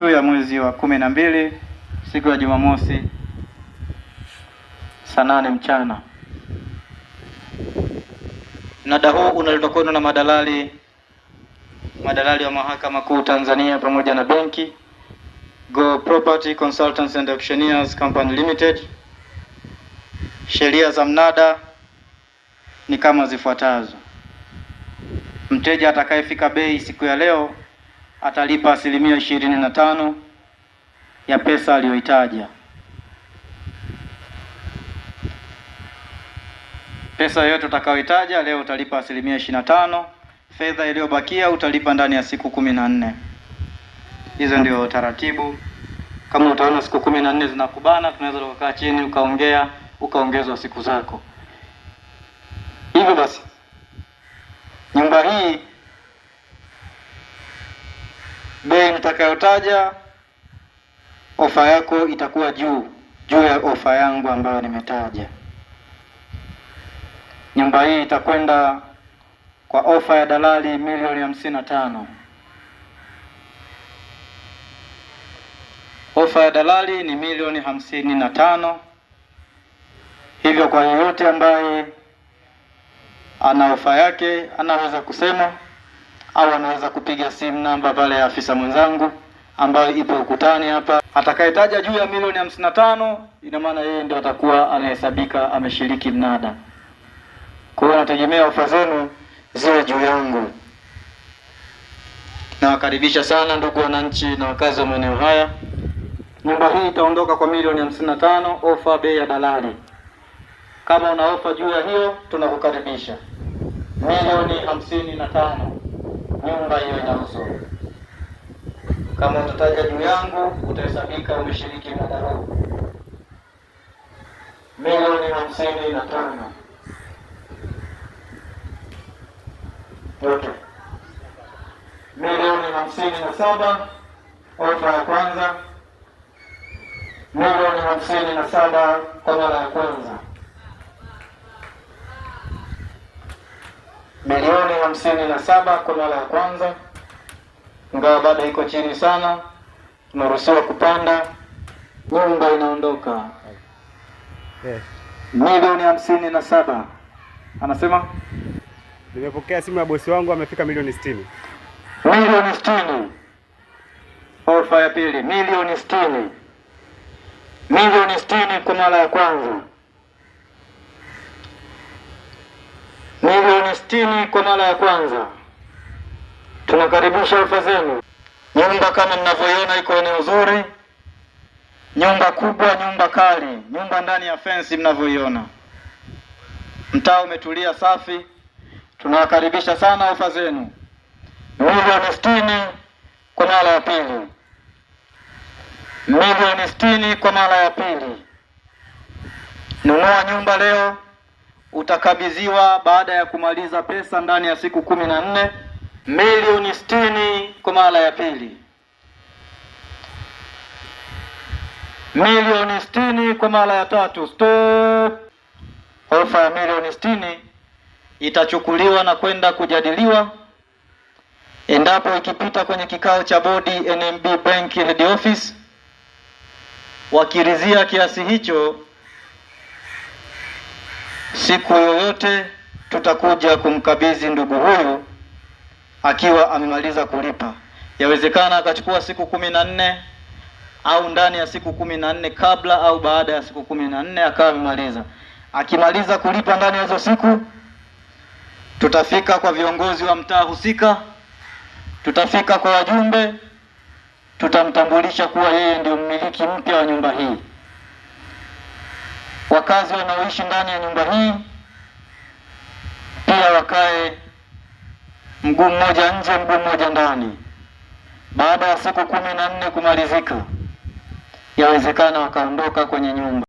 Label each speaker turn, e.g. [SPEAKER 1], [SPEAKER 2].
[SPEAKER 1] ya mwezi wa kumi na mbili siku ya Jumamosi saa nane mchana. Mnada huu unaletwa kwenu na madalali madalali wa Mahakama Kuu Tanzania pamoja na benki Go Property Consultants and Auctioneers Company Limited. Sheria za mnada ni kama zifuatazo: mteja atakayefika bei siku ya leo atalipa asilimia ishirini na tano ya pesa aliyoitaja. Pesa yoyote utakayoitaja leo utalipa asilimia ishirini na tano. Fedha iliyobakia utalipa ndani ya siku kumi na nne. Hizo ndio taratibu. Kama utaona siku kumi na nne zinakubana, tunaweza tukakaa chini ukaongea, ukaongezwa siku zako. Hivyo basi nyumba hii bei nitakayotaja ofa yako itakuwa juu juu ya ofa yangu ambayo nimetaja. Nyumba hii itakwenda kwa ofa ya dalali milioni hamsini na tano. Ofa ya dalali ni milioni hamsini na tano. Hivyo kwa yeyote ambaye ana ofa yake anaweza kusema au anaweza kupiga simu namba pale ya afisa mwenzangu ambayo ipo ukutani hapa. Atakayetaja juu ya milioni hamsini na tano ina maana yeye ndio atakuwa anahesabika ameshiriki mnada. Kwa hiyo nategemea ofa zenu ziwe juu yangu. Nawakaribisha sana ndugu wananchi na wakazi wa maeneo haya. Nyumba hii itaondoka kwa milioni hamsini na tano, ofa bei ya dalali. Kama una ofa juu ya hiyo, tunakukaribisha milioni hamsini na tano nyumba iwe na uzuri. Kama utataja juu yangu utahesabika umeshiriki mnada Milioni hamsini na tano yote, milioni hamsini na saba ofa ya kwanza, milioni hamsini na saba kwa mara ya kwanza bilioni hamsini na saba mara la kwanza, ingawa bado iko chini sana, Tunaruhusiwa kupanda. Nyumba inaondoka milioni hamsini na saba. Anasema
[SPEAKER 2] nimepokea simu ya bosi wangu amefika milioni sitini,
[SPEAKER 1] milioni sitini. Ofa ya pili milioni sitini, milioni sitini kwa mara ya kwanza. chini kwa mara ya kwanza, tunakaribisha ofa zenu. Nyumba kama mnavyoiona iko eneo zuri, nyumba kubwa, nyumba kali, nyumba ndani ya fensi mnavyoiona. Mtaa umetulia safi, tunawakaribisha sana ofa zenu, milioni sitini kwa mara ya pili, milioni sitini kwa mara ya pili. Nunua nyumba leo utakabidhiwa baada ya kumaliza pesa ndani ya siku kumi na nne milioni sitini kwa mara ya pili, milioni sitini kwa mara ya tatu. Stop! Ofa ya milioni sitini itachukuliwa na kwenda kujadiliwa endapo ikipita kwenye kikao cha bodi NMB Bank Head Office, wakirizia kiasi hicho siku yoyote tutakuja kumkabidhi ndugu huyu akiwa amemaliza kulipa. Yawezekana akachukua siku kumi na nne au ndani ya siku kumi na nne kabla au baada ya siku kumi na nne akawa amemaliza. Akimaliza kulipa ndani ya hizo siku, tutafika kwa viongozi wa mtaa husika, tutafika kwa wajumbe, tutamtambulisha kuwa yeye ndio mmiliki mpya wa nyumba hii wakazi wanaoishi ndani ya nyumba hii pia wakae mguu mmoja nje, mguu mmoja ndani. Baada ya siku kumi na nne kumalizika, yawezekana wakaondoka kwenye nyumba.